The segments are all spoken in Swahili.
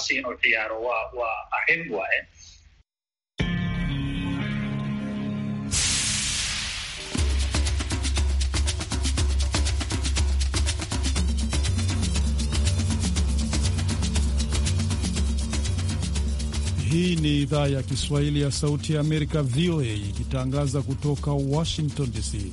halkaasi inuu ciyaaro waa arrin waaye. Eh? Hii ni idhaa ya Kiswahili ya Sauti ya Amerika, VOA, ikitangaza kutoka Washington DC.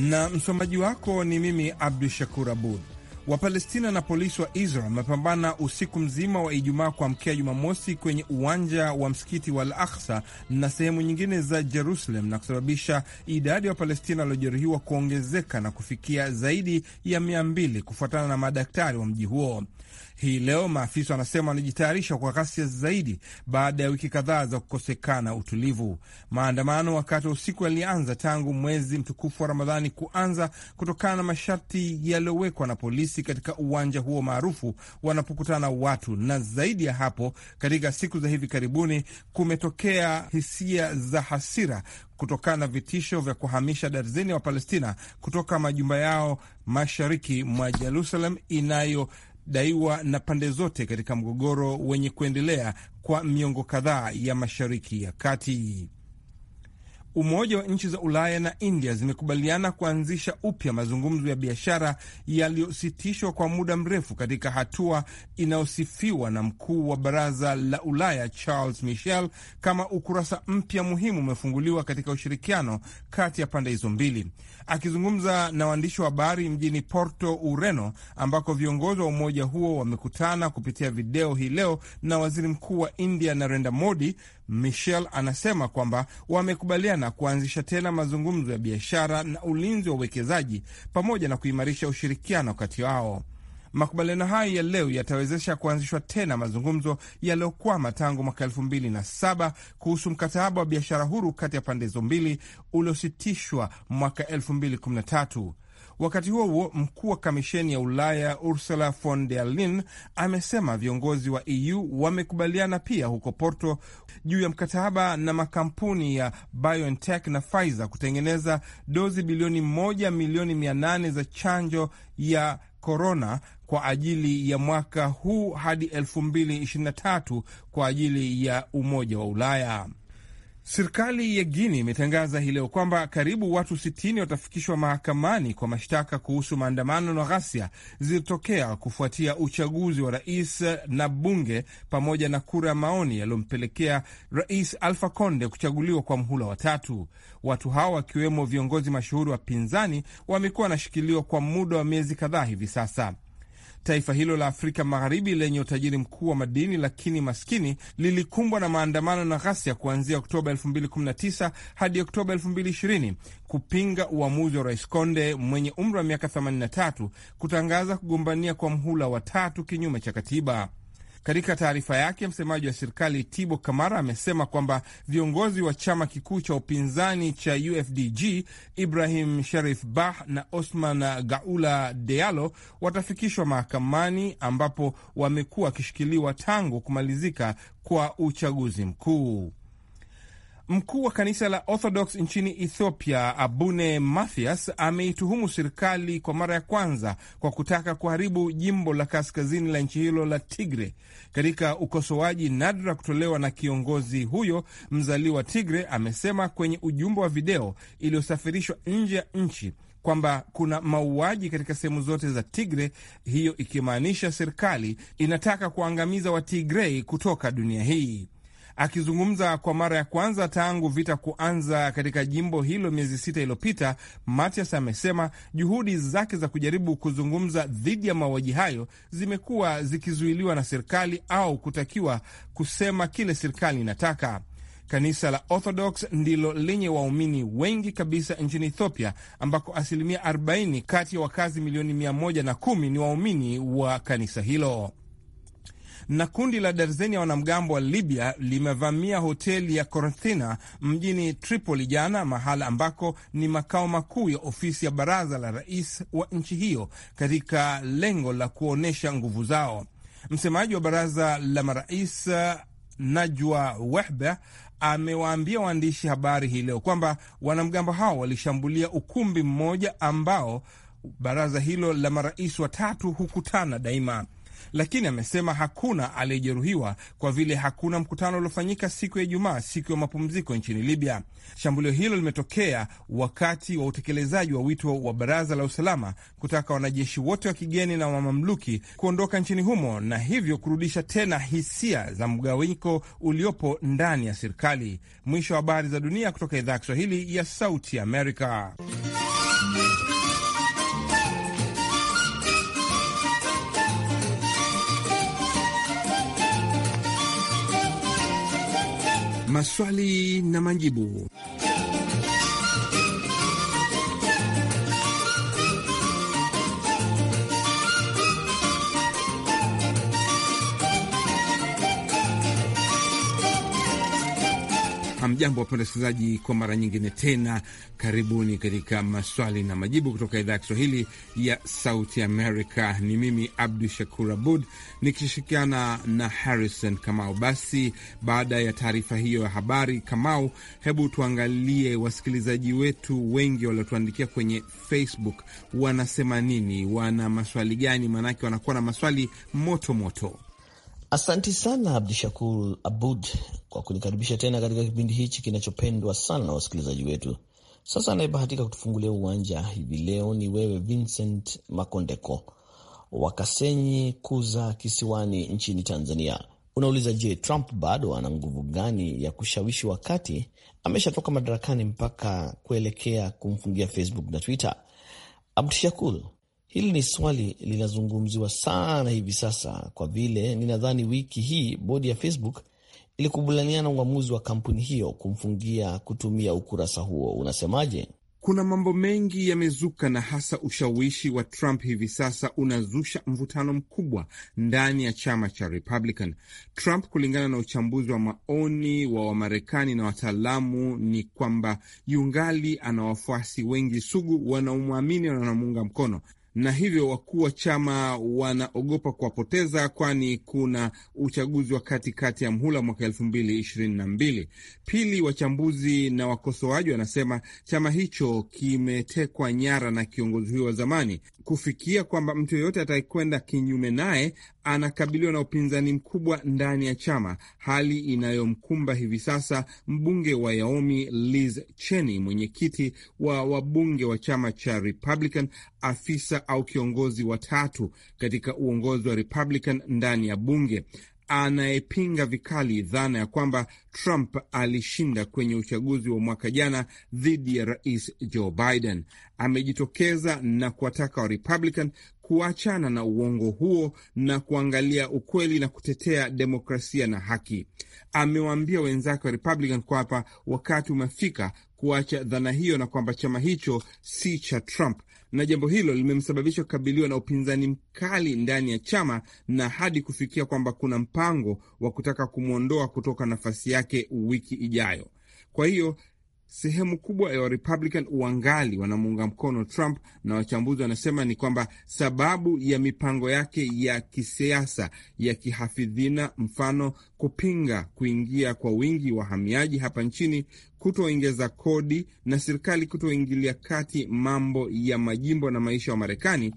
na msomaji wako ni mimi Abdu Shakur Abud. Wapalestina na polisi wa Israel wamepambana usiku mzima wa Ijumaa kuamkia Jumamosi kwenye uwanja wa msikiti wa Al Aksa na sehemu nyingine za Jerusalem na kusababisha idadi ya Wapalestina waliojeruhiwa kuongezeka na kufikia zaidi ya mia mbili kufuatana na madaktari wa mji huo. Hii leo maafisa wanasema wanajitayarisha kwa ghasia zaidi baada ya wiki kadhaa za kukosekana utulivu. Maandamano wakati wa usiku yalianza tangu mwezi mtukufu wa Ramadhani kuanza kutokana na masharti yaliyowekwa na polisi katika uwanja huo maarufu wanapokutana watu, na zaidi ya hapo, katika siku za hivi karibuni kumetokea hisia za hasira kutokana na vitisho vya kuhamisha darzeni wa palestina kutoka majumba yao mashariki mwa Jerusalem inayo daiwa na pande zote katika mgogoro wenye kuendelea kwa miongo kadhaa ya Mashariki ya Kati. Umoja wa nchi za Ulaya na India zimekubaliana kuanzisha upya mazungumzo ya biashara yaliyositishwa kwa muda mrefu katika hatua inayosifiwa na mkuu wa Baraza la Ulaya Charles Michel kama ukurasa mpya muhimu umefunguliwa katika ushirikiano kati ya pande hizo mbili. Akizungumza na waandishi wa habari mjini Porto, Ureno, ambako viongozi wa umoja huo wamekutana kupitia video hii leo na waziri mkuu wa India Narendra Modi, Michel anasema kwamba wamekubaliana na kuanzisha tena mazungumzo ya biashara na ulinzi wa uwekezaji pamoja na kuimarisha ushirikiano kati yao. Makubaliano hayo ya leo yatawezesha kuanzishwa tena mazungumzo yaliyokwama tangu mwaka elfu mbili na saba kuhusu mkataba wa biashara huru kati ya pande hizo mbili uliositishwa mwaka elfu mbili kumi na tatu. Wakati huo huo, mkuu wa kamisheni ya Ulaya Ursula von der Leyen amesema viongozi wa EU wamekubaliana pia huko Porto juu ya mkataba na makampuni ya BioNTech na Pfizer kutengeneza dozi bilioni moja milioni mia nane za chanjo ya korona kwa ajili ya mwaka huu hadi 2023 kwa ajili ya Umoja wa Ulaya. Serikali ya Guini imetangaza hii leo kwamba karibu watu 60 watafikishwa mahakamani kwa mashtaka kuhusu maandamano na ghasia zilizotokea kufuatia uchaguzi wa rais na bunge pamoja na kura ya maoni yaliyompelekea rais Alfa Conde kuchaguliwa kwa mhula wa tatu. Watu hawa wakiwemo viongozi mashuhuri wa pinzani wamekuwa wanashikiliwa kwa muda wa miezi kadhaa hivi sasa. Taifa hilo la Afrika Magharibi lenye utajiri mkuu wa madini lakini maskini lilikumbwa na maandamano na ghasia kuanzia Oktoba 2019 hadi Oktoba 2020 kupinga uamuzi wa Rais Konde mwenye umri wa miaka 83 kutangaza kugombania kwa mhula wa tatu kinyume cha katiba. Katika taarifa yake, msemaji wa serikali Tibo Kamara amesema kwamba viongozi wa chama kikuu cha upinzani cha UFDG Ibrahim Sharif Bah na Osman Gaula dealo watafikishwa mahakamani ambapo wamekuwa wakishikiliwa tangu kumalizika kwa uchaguzi mkuu. Mkuu wa kanisa la Orthodox nchini Ethiopia, Abune Mathias, ameituhumu serikali kwa mara ya kwanza kwa kutaka kuharibu jimbo la kaskazini la nchi hilo la Tigre, katika ukosoaji nadra kutolewa na kiongozi huyo mzaliwa Tigre. Amesema kwenye ujumbe wa video iliyosafirishwa nje ya nchi kwamba kuna mauaji katika sehemu zote za Tigre, hiyo ikimaanisha serikali inataka kuangamiza Watigrei kutoka dunia hii. Akizungumza kwa mara ya kwanza tangu vita kuanza katika jimbo hilo miezi sita iliyopita, Matias amesema juhudi zake za kujaribu kuzungumza dhidi ya mauaji hayo zimekuwa zikizuiliwa na serikali au kutakiwa kusema kile serikali inataka. Kanisa la Orthodox ndilo lenye waumini wengi kabisa nchini Ethiopia, ambako asilimia 40 kati ya wakazi milioni 110 ni waumini wa kanisa hilo. Na kundi la darzeni ya wanamgambo wa Libya limevamia hoteli ya Corinthina mjini Tripoli jana, mahala ambako ni makao makuu ya ofisi ya baraza la rais wa nchi hiyo, katika lengo la kuonyesha nguvu zao. Msemaji wa baraza la marais uh, Najwa Wehbe amewaambia waandishi habari hii leo kwamba wanamgambo hao walishambulia ukumbi mmoja ambao baraza hilo la marais watatu hukutana daima lakini amesema hakuna aliyejeruhiwa kwa vile hakuna mkutano uliofanyika siku ya Ijumaa, siku ya mapumziko nchini Libya. Shambulio hilo limetokea wakati wa utekelezaji wa wito wa Baraza la Usalama kutaka wanajeshi wote wa kigeni na wamamluki kuondoka nchini humo na hivyo kurudisha tena hisia za mgawanyiko uliopo ndani ya serikali. Mwisho wa habari za dunia kutoka idhaa ya Kiswahili ya Sauti Amerika. maswali na majibu. Hamjambo, wapenda wasikilizaji, kwa mara nyingine tena, karibuni katika maswali na majibu kutoka idhaa ya Kiswahili ya Sauti Amerika. Ni mimi Abdu Shakur Abud nikishirikiana na Harrison Kamau. Basi baada ya taarifa hiyo ya habari, Kamau, hebu tuangalie wasikilizaji wetu wengi waliotuandikia kwenye Facebook wanasema nini, wana maswali gani? Maanake wanakuwa na maswali moto moto. Asanti sana Abdishakur Abud kwa kunikaribisha tena katika kipindi hichi kinachopendwa sana na wasikilizaji wetu. Sasa anayebahatika kutufungulia uwanja hivi leo ni wewe Vincent Makondeko wa Kasenyi Kuza Kisiwani nchini Tanzania. Unauliza, je, Trump bado ana nguvu gani ya kushawishi wakati ameshatoka madarakani mpaka kuelekea kumfungia Facebook na Twitter? Abdishakur, Hili ni swali linazungumziwa sana hivi sasa, kwa vile ninadhani wiki hii bodi ya Facebook ilikubaliana uamuzi wa kampuni hiyo kumfungia kutumia ukurasa huo. Unasemaje? Kuna mambo mengi yamezuka, na hasa ushawishi wa Trump hivi sasa unazusha mvutano mkubwa ndani ya chama cha Republican. Trump, kulingana na uchambuzi wa maoni wa Wamarekani na wataalamu, ni kwamba yungali ana wafuasi wengi sugu wanaomwamini na wanamuunga mkono, na hivyo wakuu wa chama wanaogopa kuwapoteza, kwani kuna uchaguzi wa katikati ya mhula mwaka elfu mbili ishirini na mbili. Pili, wachambuzi na wakosoaji wanasema chama hicho kimetekwa nyara na kiongozi huyo wa zamani kufikia kwamba mtu yeyote atakwenda kinyume naye anakabiliwa na upinzani mkubwa ndani ya chama, hali inayomkumba hivi sasa mbunge wa Yaomi Liz Cheney, mwenyekiti wa wabunge wa chama cha Republican, afisa au kiongozi wa tatu katika uongozi wa Republican ndani ya bunge anayepinga vikali dhana ya kwamba Trump alishinda kwenye uchaguzi wa mwaka jana dhidi ya rais Joe Biden. Amejitokeza na kuwataka wa Republican kuachana na uongo huo na kuangalia ukweli na kutetea demokrasia na haki. Amewaambia wenzake wa Republican kwamba wakati umefika kuacha dhana hiyo na kwamba chama hicho si cha Trump na jambo hilo limemsababisha kukabiliwa na upinzani mkali ndani ya chama na hadi kufikia kwamba kuna mpango wa kutaka kumwondoa kutoka nafasi yake wiki ijayo. Kwa hiyo sehemu kubwa ya Warepublican wangali wanamuunga mkono Trump, na wachambuzi wanasema ni kwamba sababu ya mipango yake ya kisiasa ya kihafidhina, mfano kupinga kuingia kwa wingi wahamiaji hapa nchini, kutoingeza kodi na serikali kutoingilia kati mambo ya majimbo na maisha wa Marekani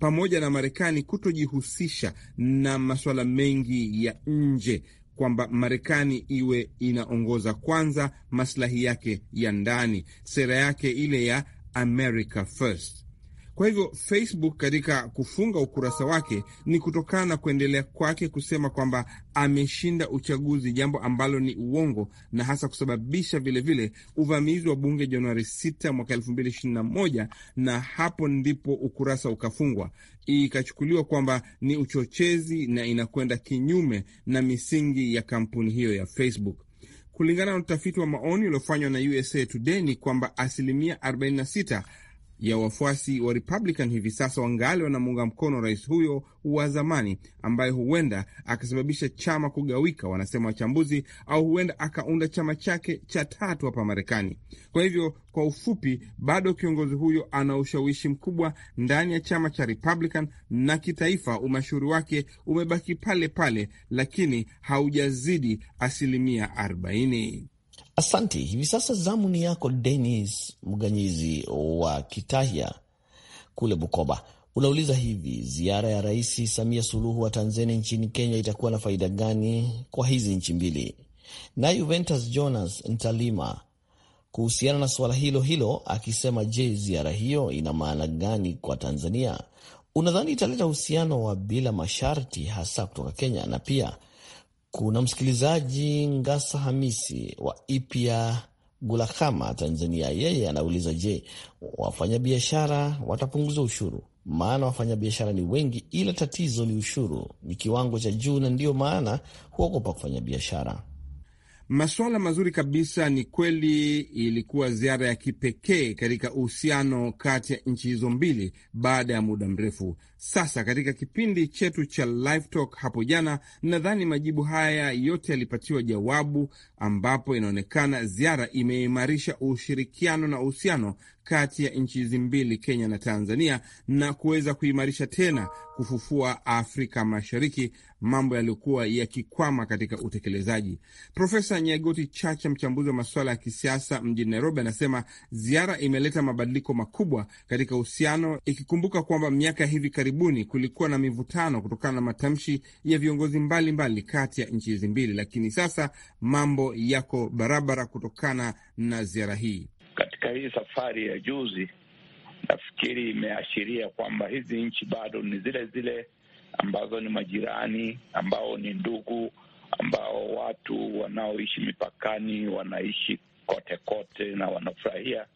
pamoja na Marekani kutojihusisha na masuala mengi ya nje kwamba Marekani iwe inaongoza kwanza maslahi yake ya ndani, sera yake ile ya America First. Kwa hivyo Facebook katika kufunga ukurasa wake ni kutokana na kuendelea kwake kusema kwamba ameshinda uchaguzi, jambo ambalo ni uongo na hasa kusababisha vilevile uvamizi wa bunge Januari 6 mwaka 2021, na hapo ndipo ukurasa ukafungwa, ikachukuliwa kwamba ni uchochezi na inakwenda kinyume na misingi ya kampuni hiyo ya Facebook. Kulingana na utafiti wa maoni uliofanywa na USA Today ni kwamba asilimia 46 ya wafuasi wa Republican hivi sasa wangali wanamuunga mkono rais huyo wa zamani ambaye huenda akasababisha chama kugawika, wanasema wachambuzi, au huenda akaunda chama chake cha tatu hapa Marekani. Kwa hivyo, kwa ufupi, bado kiongozi huyo ana ushawishi mkubwa ndani ya chama cha Republican na kitaifa. Umashuhuri wake umebaki pale pale, lakini haujazidi asilimia 40. Asante. Hivi sasa zamu ni yako Denis Mganyizi wa Kitahya kule Bukoba. Unauliza hivi, ziara ya Rais Samia Suluhu wa Tanzania nchini Kenya itakuwa na faida gani kwa hizi nchi mbili? Na Juventus Jonas Ntalima kuhusiana na suala hilo hilo akisema, je, ziara hiyo ina maana gani kwa Tanzania? Unadhani italeta uhusiano wa bila masharti hasa kutoka Kenya na pia kuna msikilizaji Ngasa Hamisi wa Ipya Gulakama, Tanzania. Yeye anauliza, je, wafanyabiashara watapunguza ushuru? Maana wafanyabiashara ni wengi, ila tatizo ni ushuru, ni kiwango cha juu, na ndiyo maana huogopa kufanya biashara. Masuala mazuri kabisa. Ni kweli ilikuwa ziara ya kipekee katika uhusiano kati ya nchi hizo mbili baada ya muda mrefu. Sasa katika kipindi chetu cha Live Talk hapo jana, nadhani majibu haya yote yalipatiwa jawabu, ambapo inaonekana ziara imeimarisha ushirikiano na uhusiano kati ya nchi hizi mbili, Kenya na Tanzania, na kuweza kuimarisha tena kufufua Afrika Mashariki, mambo yaliyokuwa yakikwama katika utekelezaji. Profesa Nyagoti Chacha, mchambuzi wa masuala ya kisiasa mjini Nairobi, anasema ziara imeleta mabadiliko makubwa katika uhusiano, ikikumbuka kwamba miaka hivi karibuni kulikuwa na mivutano kutokana na matamshi ya viongozi mbalimbali kati ya nchi hizi mbili, lakini sasa mambo yako barabara kutokana na ziara hii katika hii safari ya juzi, nafikiri imeashiria kwamba hizi nchi bado ni zile zile ambazo ni majirani, ambao ni ndugu, ambao watu wanaoishi mipakani wanaishi kote kote na wanafurahia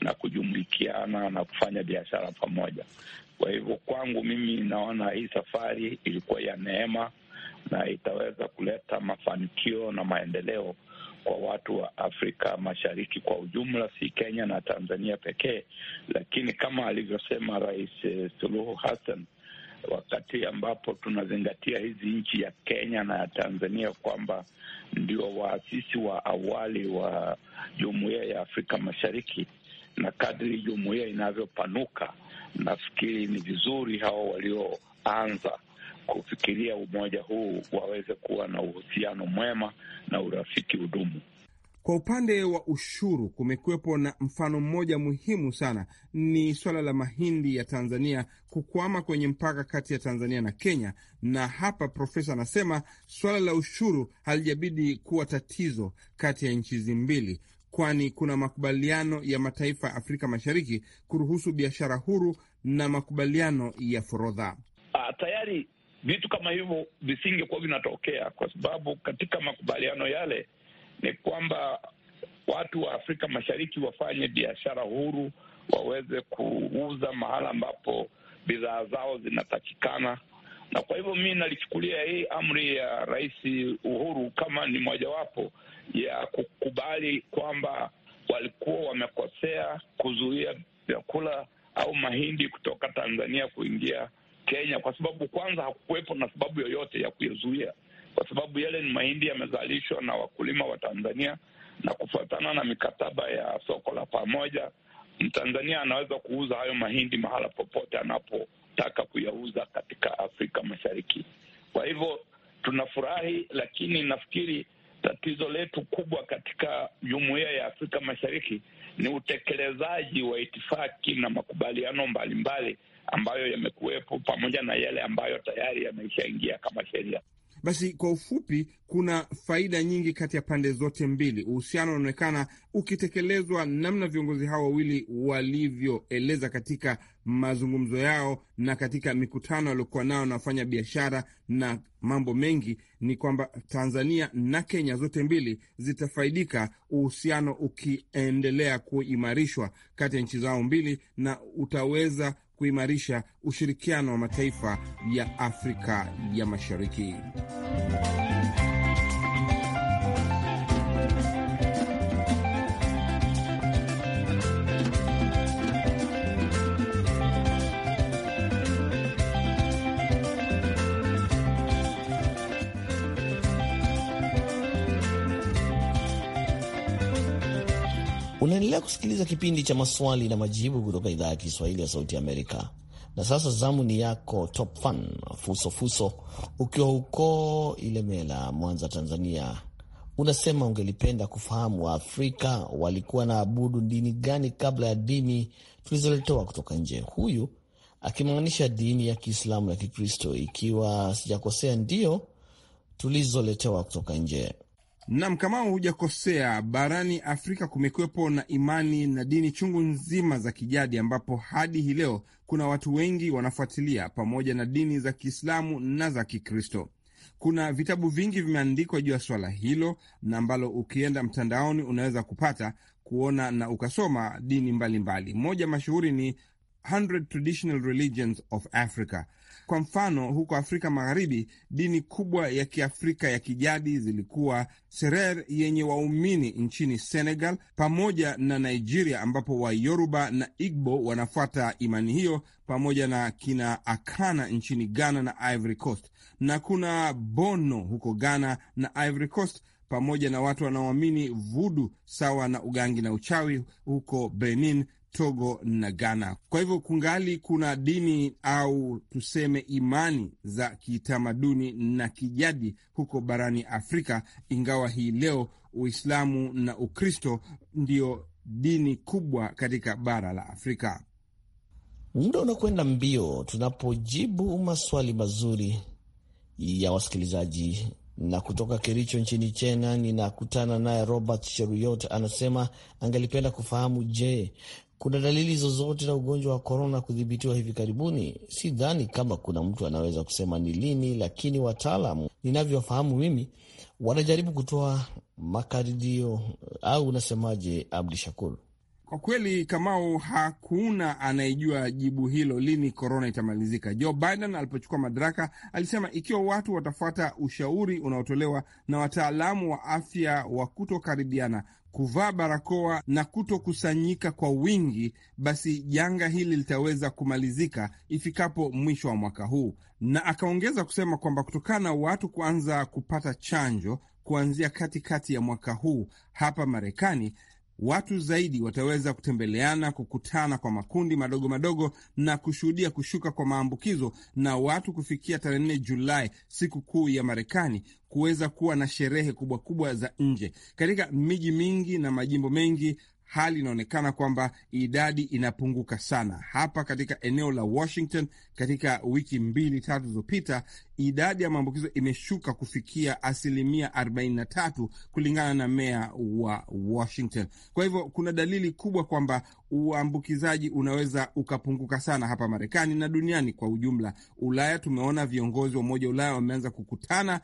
na kujumuikiana na kufanya biashara pamoja. Kwa hivyo kwangu mimi naona hii safari ilikuwa ya neema na itaweza kuleta mafanikio na maendeleo kwa watu wa Afrika Mashariki kwa ujumla, si Kenya na Tanzania pekee. Lakini kama alivyosema Rais eh, Suluhu Hassan, wakati ambapo tunazingatia hizi nchi ya Kenya na ya Tanzania kwamba ndio waasisi wa awali wa Jumuiya ya Afrika Mashariki, na kadri jumuiya inavyopanuka, nafikiri ni vizuri hao walioanza kufikiria umoja huu waweze kuwa na uhusiano mwema na urafiki hudumu. Kwa upande wa ushuru, kumekuwepo na mfano mmoja muhimu sana, ni swala la mahindi ya Tanzania kukwama kwenye mpaka kati ya Tanzania na Kenya. Na hapa profesa anasema swala la ushuru halijabidi kuwa tatizo kati ya nchi hizi mbili, kwani kuna makubaliano ya mataifa ya Afrika Mashariki kuruhusu biashara huru na makubaliano ya forodha. Ah, tayari vitu kama hivyo visingekuwa vinatokea, kwa sababu katika makubaliano yale ni kwamba watu wa Afrika Mashariki wafanye biashara huru, waweze kuuza mahala ambapo bidhaa zao zinatakikana. Na kwa hivyo mi nalichukulia hii amri ya Rais Uhuru kama ni mojawapo ya kukubali kwamba walikuwa wamekosea kuzuia vyakula au mahindi kutoka Tanzania kuingia Kenya, kwa sababu kwanza hakukuwepo na sababu yoyote ya kuyazuia, kwa sababu yale ni mahindi yamezalishwa na wakulima wa Tanzania, na kufuatana na mikataba ya soko la pamoja, Mtanzania anaweza kuuza hayo mahindi mahala popote anapotaka kuyauza katika Afrika Mashariki. Kwa hivyo tunafurahi, lakini nafikiri tatizo letu kubwa katika jumuiya ya Afrika Mashariki ni utekelezaji wa itifaki na makubaliano mbalimbali ambayo yamekuwepo pamoja na yale ambayo tayari yameshaingia kama sheria. Basi kwa ufupi, kuna faida nyingi kati ya pande zote mbili. Uhusiano unaonekana ukitekelezwa namna viongozi hao wawili walivyoeleza katika mazungumzo yao na katika mikutano waliokuwa nao na wafanya biashara na mambo mengi, ni kwamba Tanzania na Kenya zote mbili zitafaidika, uhusiano ukiendelea kuimarishwa kati ya nchi zao mbili, na utaweza kuimarisha ushirikiano wa mataifa ya Afrika ya Mashariki. Unaendelea kusikiliza kipindi cha maswali na majibu kutoka idhaa ya Kiswahili ya Sauti Amerika. Na sasa zamu ni yako Top Fan Fuso, ukiwa huko Ilemela, Mwanza, Tanzania. Unasema ungelipenda kufahamu Waafrika walikuwa na abudu dini gani kabla ya dini tulizoletewa kutoka nje. Huyu akimaanisha dini ya Kiislamu na Kikristo, ikiwa sijakosea, ndiyo tulizoletewa kutoka nje. Nam Kamau, hujakosea. Barani Afrika kumekuwepo na imani na dini chungu nzima za kijadi, ambapo hadi hii leo kuna watu wengi wanafuatilia, pamoja na dini za Kiislamu na za Kikristo. Kuna vitabu vingi vimeandikwa juu ya swala hilo, na ambalo ukienda mtandaoni unaweza kupata kuona na ukasoma dini mbalimbali mbali. Moja mashuhuri ni 100 Traditional Religions of Africa. Kwa mfano, huko Afrika Magharibi, dini kubwa ya Kiafrika ya kijadi zilikuwa Serer yenye waumini nchini Senegal pamoja na Nigeria, ambapo Wayoruba na Igbo wanafuata imani hiyo, pamoja na kina Akana nchini Ghana na Ivory Coast, na kuna Bono huko Ghana na Ivory Coast pamoja na watu wanaoamini vudu sawa na ugangi na uchawi huko Benin, Togo na Ghana. Kwa hivyo kungali kuna dini au tuseme imani za kitamaduni na kijadi huko barani Afrika, ingawa hii leo Uislamu na Ukristo ndio dini kubwa katika bara la Afrika. Muda unakwenda mbio tunapojibu maswali mazuri ya wasikilizaji na kutoka Kericho nchini China ninakutana naye Robert Cheruyot, anasema angelipenda kufahamu, je, kuna dalili zozote za ugonjwa wa korona kudhibitiwa hivi karibuni? Si dhani kama kuna mtu anaweza kusema ni lini, lakini wataalamu ninavyofahamu mimi wanajaribu kutoa makadirio, au unasemaje, Abdi Shakur? Kwa kweli, Kamau, hakuna anayejua jibu hilo lini korona itamalizika. Joe Biden alipochukua madaraka alisema ikiwa watu watafuata ushauri unaotolewa na wataalamu wa afya wa kutokaribiana, kuvaa barakoa na kutokusanyika kwa wingi, basi janga hili litaweza kumalizika ifikapo mwisho wa mwaka huu. Na akaongeza kusema kwamba kutokana na watu kuanza kupata chanjo kuanzia katikati ya mwaka huu hapa Marekani watu zaidi wataweza kutembeleana, kukutana kwa makundi madogo madogo na kushuhudia kushuka kwa maambukizo na watu kufikia tarehe 4 Julai, siku kuu ya Marekani, kuweza kuwa na sherehe kubwa kubwa za nje katika miji mingi na majimbo mengi. Hali inaonekana kwamba idadi inapunguka sana. Hapa katika eneo la Washington, katika wiki mbili tatu zilizopita, idadi ya maambukizo imeshuka kufikia asilimia 43 kulingana na meya wa Washington. Kwa hivyo kuna dalili kubwa kwamba uambukizaji unaweza ukapunguka sana hapa Marekani na duniani kwa ujumla. Ulaya, tumeona viongozi wa Umoja wa Ulaya wameanza kukutana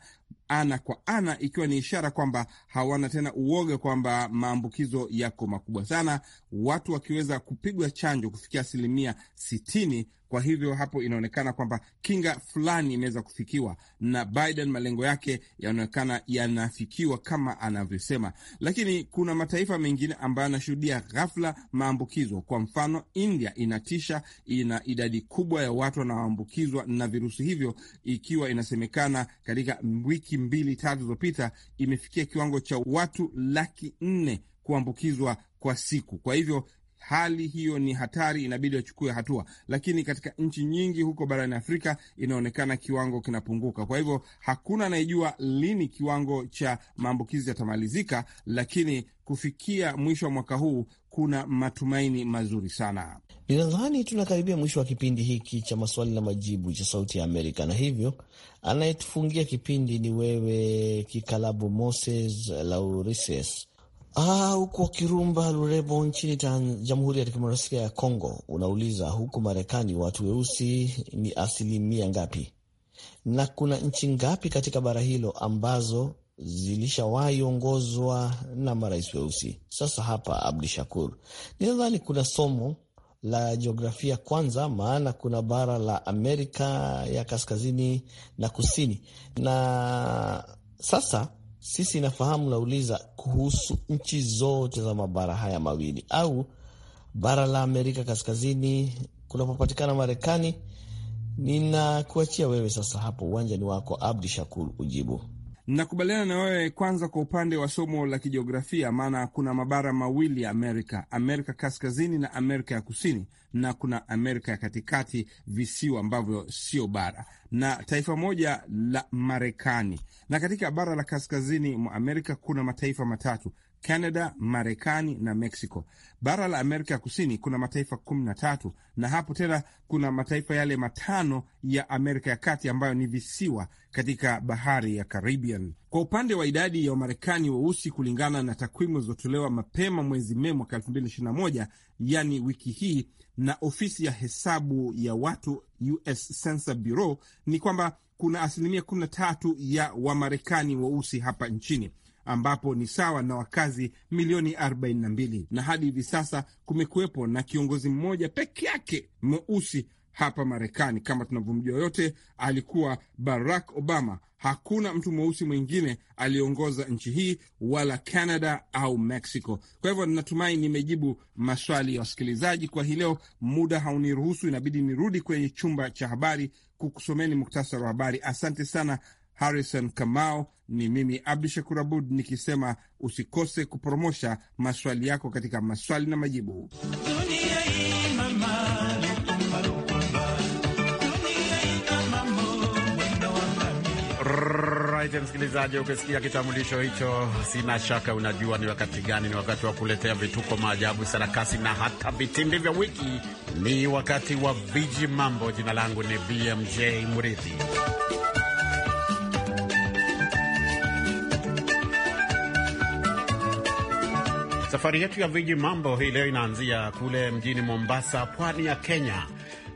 ana kwa ana, ikiwa ni ishara kwamba hawana tena uoga kwamba maambukizo yako makubwa sana, watu wakiweza kupigwa chanjo kufikia asilimia sitini kwa hivyo hapo inaonekana kwamba kinga fulani imeweza kufikiwa, na Biden malengo yake yanaonekana yanafikiwa kama anavyosema, lakini kuna mataifa mengine ambayo yanashuhudia ghafla maambukizo. Kwa mfano, India inatisha, ina idadi kubwa ya watu wanaoambukizwa na virusi hivyo, ikiwa inasemekana katika wiki mbili tatu zilizopita imefikia kiwango cha watu laki nne kuambukizwa kwa siku. Kwa hivyo hali hiyo ni hatari, inabidi wachukue hatua, lakini katika nchi nyingi huko barani Afrika inaonekana kiwango kinapunguka. Kwa hivyo hakuna anayejua lini kiwango cha maambukizi yatamalizika, lakini kufikia mwisho wa mwaka huu kuna matumaini mazuri sana. Ninadhani tunakaribia mwisho wa kipindi hiki cha maswali na majibu cha Sauti ya Amerika, na hivyo anayetufungia kipindi ni wewe Kikalabu Moses Laurises Ah, huko Kirumba Lurebo nchini Jamhuri ya Kidemokrasia ya Kongo unauliza huku Marekani watu weusi ni asilimia ngapi, na kuna nchi ngapi katika bara hilo ambazo zilishawahi ongozwa na marais weusi? Sasa hapa, Abdu Shakur, ninadhani kuna somo la jiografia kwanza, maana kuna bara la Amerika ya kaskazini na kusini na sasa sisi nafahamu nauliza kuhusu nchi zote za mabara haya mawili au bara la Amerika Kaskazini kunapopatikana Marekani. Ninakuachia wewe sasa, hapo uwanja ni wako, Abdi Shakur, ujibu. Nakubaliana na wewe kwanza, kwa upande wa somo la kijiografia, maana kuna mabara mawili ya Amerika, Amerika kaskazini na Amerika ya kusini, na kuna Amerika ya katikati, visiwa ambavyo sio bara na taifa moja la Marekani. Na katika bara la kaskazini mwa Amerika kuna mataifa matatu Canada, Marekani na Mexico. Bara la Amerika ya Kusini kuna mataifa kumi na tatu na hapo tena kuna mataifa yale matano ya Amerika ya Kati ambayo ni visiwa katika bahari ya Caribbean. Kwa upande wa idadi ya Wamarekani weusi wa kulingana na takwimu zilizotolewa mapema mwezi Mei mwaka 2021, yani wiki hii, na ofisi ya hesabu ya watu US Census Bureau, ni kwamba kuna asilimia 13 ya Wamarekani weusi wa hapa nchini ambapo ni sawa na wakazi milioni 42 na hadi hivi sasa kumekuwepo na kiongozi mmoja peke yake mweusi hapa Marekani kama tunavyomjua yote, alikuwa Barack Obama. Hakuna mtu mweusi mwingine aliyeongoza nchi hii wala Canada au Mexico. Kwa hivyo natumai nimejibu maswali ya wasikilizaji kwa hii leo. Muda hauniruhusu, inabidi nirudi kwenye chumba cha habari kukusomeni muktasari wa habari. Asante sana Harrison Kamau. Ni mimi Abdu Shakur Abud nikisema usikose kupromosha maswali yako katika maswali na majibu. Msikilizaji, ukisikia kitambulisho hicho, sina shaka unajua ni wakati gani. Ni wakati wa kuletea vituko, maajabu, sarakasi na hata vitindi vya wiki. Ni wakati wa viji mambo. Jina langu ni BMJ mridhi Safari yetu ya viji mambo hii leo inaanzia kule mjini Mombasa, pwani ya Kenya.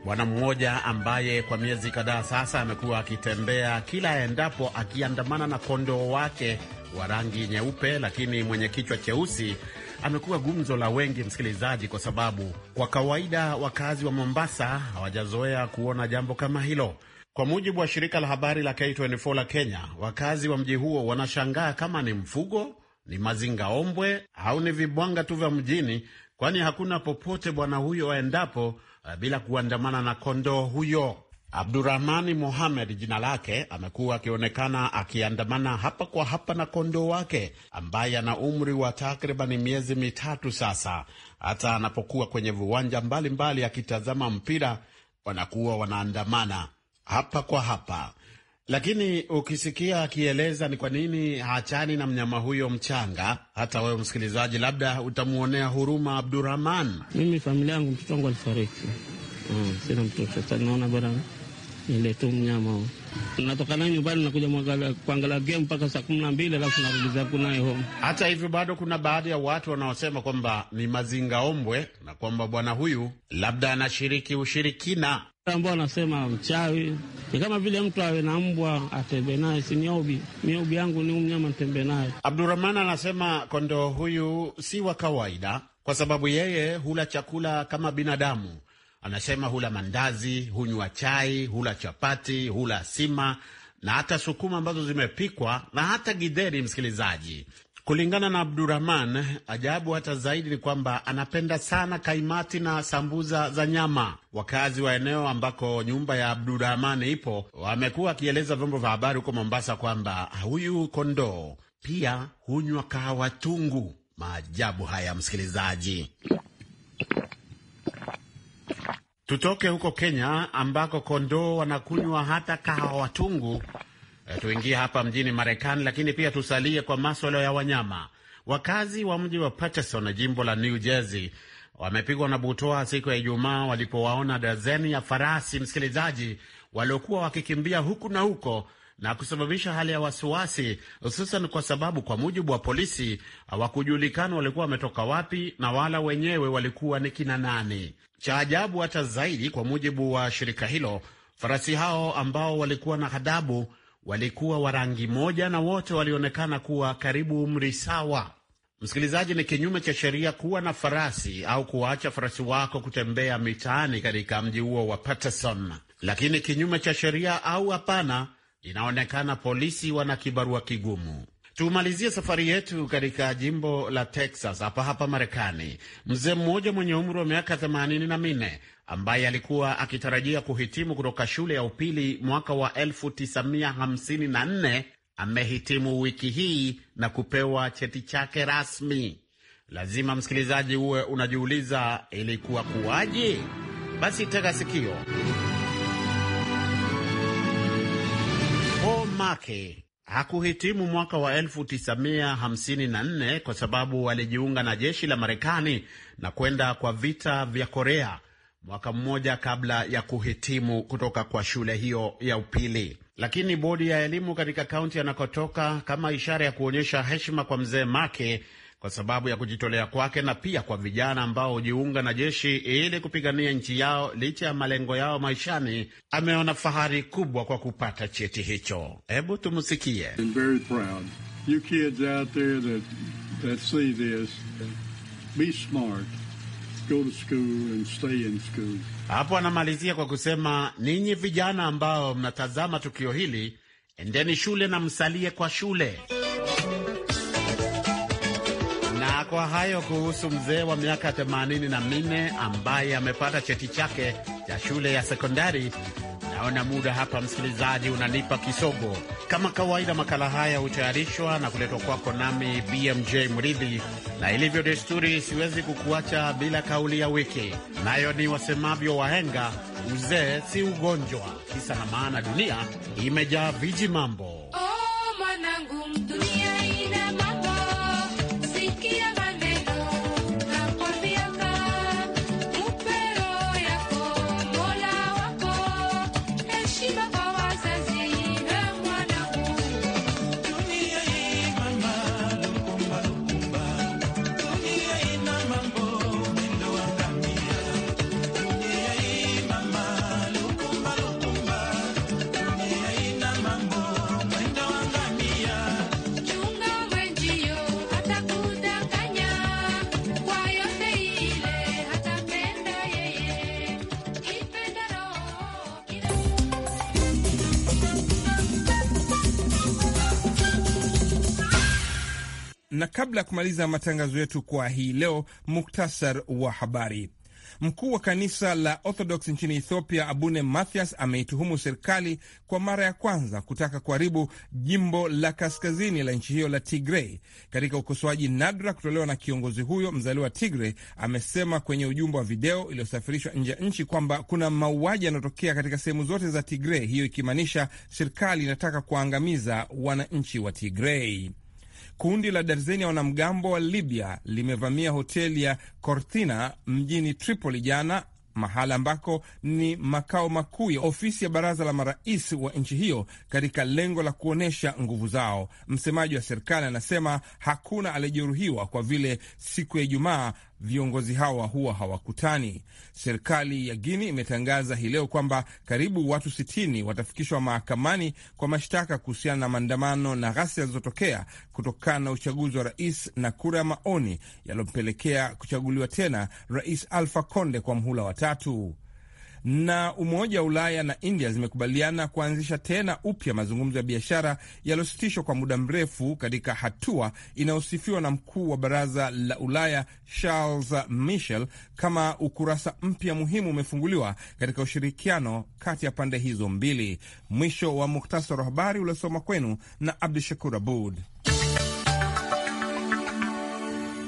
Bwana mmoja ambaye kwa miezi kadhaa sasa amekuwa akitembea kila aendapo akiandamana na kondoo wake wa rangi nyeupe, lakini mwenye kichwa cheusi amekuwa gumzo la wengi msikilizaji, kwa sababu kwa kawaida wakazi wa Mombasa hawajazoea kuona jambo kama hilo. Kwa mujibu wa shirika la habari la K24 la Kenya, wakazi wa mji huo wanashangaa kama ni mfugo ni mazinga ombwe au ni vibwanga tu vya mjini? Kwani hakuna popote bwana huyo aendapo eh, bila kuandamana na kondoo huyo. Abdurahmani Mohamed jina lake, amekuwa akionekana akiandamana hapa kwa hapa na kondoo wake ambaye ana umri wa takribani miezi mitatu sasa. Hata anapokuwa kwenye viwanja mbalimbali akitazama mpira, wanakuwa wanaandamana hapa kwa hapa. Lakini ukisikia akieleza ni kwa nini hachani na mnyama huyo mchanga, hata wewe msikilizaji, labda utamuonea huruma Abdurahman. Mimi familia yangu, mtoto wangu alifariki. Mm, sina mtoto sasa, naona bora niletu mnyama natoka naye nyumbani nakuja kuangalia game mpaka saa kumi na mbili alafu narudi zangu naye home. Hata hivyo bado kuna baadhi ya watu wanaosema kwamba ni mazingaombwe na kwamba bwana huyu labda anashiriki ushirikina ambao wanasema mchawi ni kama vile mtu awe na mbwa atembe naye, si miobi miobi yangu ni mnyama ntembe naye. Abdurahman anasema kondoo huyu si wa kawaida, kwa sababu yeye hula chakula kama binadamu. Anasema hula mandazi, hunywa chai, hula chapati, hula sima na hata sukuma ambazo zimepikwa na hata gidheri. Msikilizaji, Kulingana na Abdurahman, ajabu hata zaidi ni kwamba anapenda sana kaimati na sambuza za nyama. Wakazi wa eneo ambako nyumba ya Abdurahman ipo wamekuwa wakieleza vyombo vya habari huko Mombasa kwamba huyu kondoo pia hunywa kahawa tungu. Maajabu haya, msikilizaji. Tutoke huko Kenya ambako kondoo wanakunywa hata kahawa tungu Tuingie hapa mjini Marekani, lakini pia tusalie kwa maswala ya wanyama. Wakazi wa mji wa Paterson, jimbo la New Jersey, wamepigwa na butoa siku ya Ijumaa walipowaona dazeni ya farasi, msikilizaji, waliokuwa wakikimbia huku na huko na kusababisha hali ya wasiwasi, hususan kwa sababu, kwa mujibu wa polisi, hawakujulikana walikuwa wametoka wapi na wala wenyewe walikuwa ni kina nani. Cha ajabu hata zaidi, kwa mujibu wa shirika hilo, farasi hao ambao walikuwa na hadabu walikuwa wa rangi moja na wote walionekana kuwa karibu umri sawa. Msikilizaji, ni kinyume cha sheria kuwa na farasi au kuwaacha farasi wako kutembea mitaani katika mji huo wa Patterson, lakini kinyume cha sheria au hapana, inaonekana polisi wana kibarua kigumu. Tumalizie safari yetu katika jimbo la Texas hapa hapa Marekani. Mzee mmoja mwenye umri wa miaka themanini na minne ambaye alikuwa akitarajia kuhitimu kutoka shule ya upili mwaka wa 1954 amehitimu wiki hii na kupewa cheti chake rasmi. Lazima msikilizaji, uwe unajiuliza ilikuwa kuwaje? Basi tega sikio. Paul Mackey hakuhitimu mwaka wa 1954 kwa sababu alijiunga na jeshi la Marekani na kwenda kwa vita vya Korea mwaka mmoja kabla ya kuhitimu kutoka kwa shule hiyo ya upili. Lakini bodi ya elimu katika kaunti anakotoka, kama ishara ya kuonyesha heshima kwa mzee Make, kwa sababu ya kujitolea kwake na pia kwa vijana ambao hujiunga na jeshi ili kupigania nchi yao licha ya malengo yao maishani. Ameona fahari kubwa kwa kupata cheti hicho. Hebu tumsikie. Hapo anamalizia kwa kusema, ninyi vijana ambao mnatazama tukio hili, endeni shule na msalie kwa shule. kwa hayo kuhusu mzee wa miaka 84 ambaye amepata cheti chake cha shule ya sekondari. Naona muda hapa, msikilizaji, unanipa kisogo. Kama kawaida, makala haya hutayarishwa na kuletwa kwako nami BMJ Mridhi, na ilivyo desturi, siwezi kukuacha bila kauli ya wiki, nayo ni wasemavyo wahenga, uzee si ugonjwa. Kisa na maana, dunia imejaa viji mambo. Oh, Na kabla ya kumaliza matangazo yetu kwa hii leo, muktasar wa habari. Mkuu wa kanisa la Orthodox nchini Ethiopia, Abune Mathias, ameituhumu serikali kwa mara ya kwanza kutaka kuharibu jimbo la kaskazini la nchi hiyo la Tigrei. Katika ukosoaji nadra kutolewa na kiongozi huyo mzaliwa Tigrei, amesema kwenye ujumbe wa video iliyosafirishwa nje ya nchi kwamba kuna mauaji yanayotokea katika sehemu zote za Tigrei, hiyo ikimaanisha serikali inataka kuwaangamiza wananchi wa Tigrei. Kundi la darzeni ya wanamgambo wa Libya limevamia hoteli ya Cortina mjini Tripoli jana, mahala ambako ni makao makuu ya ofisi ya baraza la marais wa nchi hiyo katika lengo la kuonyesha nguvu zao. Msemaji wa serikali anasema hakuna aliyejeruhiwa kwa vile siku ya Ijumaa viongozi hawa huwa hawakutani. Serikali ya Guini imetangaza hii leo kwamba karibu watu 60 watafikishwa mahakamani kwa mashtaka kuhusiana na maandamano na ghasia zilizotokea kutokana na uchaguzi wa rais na kura ya maoni yaliyompelekea kuchaguliwa tena Rais alfa Conde kwa mhula wa tatu na Umoja wa Ulaya na India zimekubaliana kuanzisha tena upya mazungumzo ya biashara yaliyositishwa kwa muda mrefu katika hatua inayosifiwa na mkuu wa Baraza la Ulaya Charles Michel kama ukurasa mpya muhimu umefunguliwa katika ushirikiano kati ya pande hizo mbili. Mwisho wa muktasari wa habari uliosoma kwenu na Abdu Shakur Abud.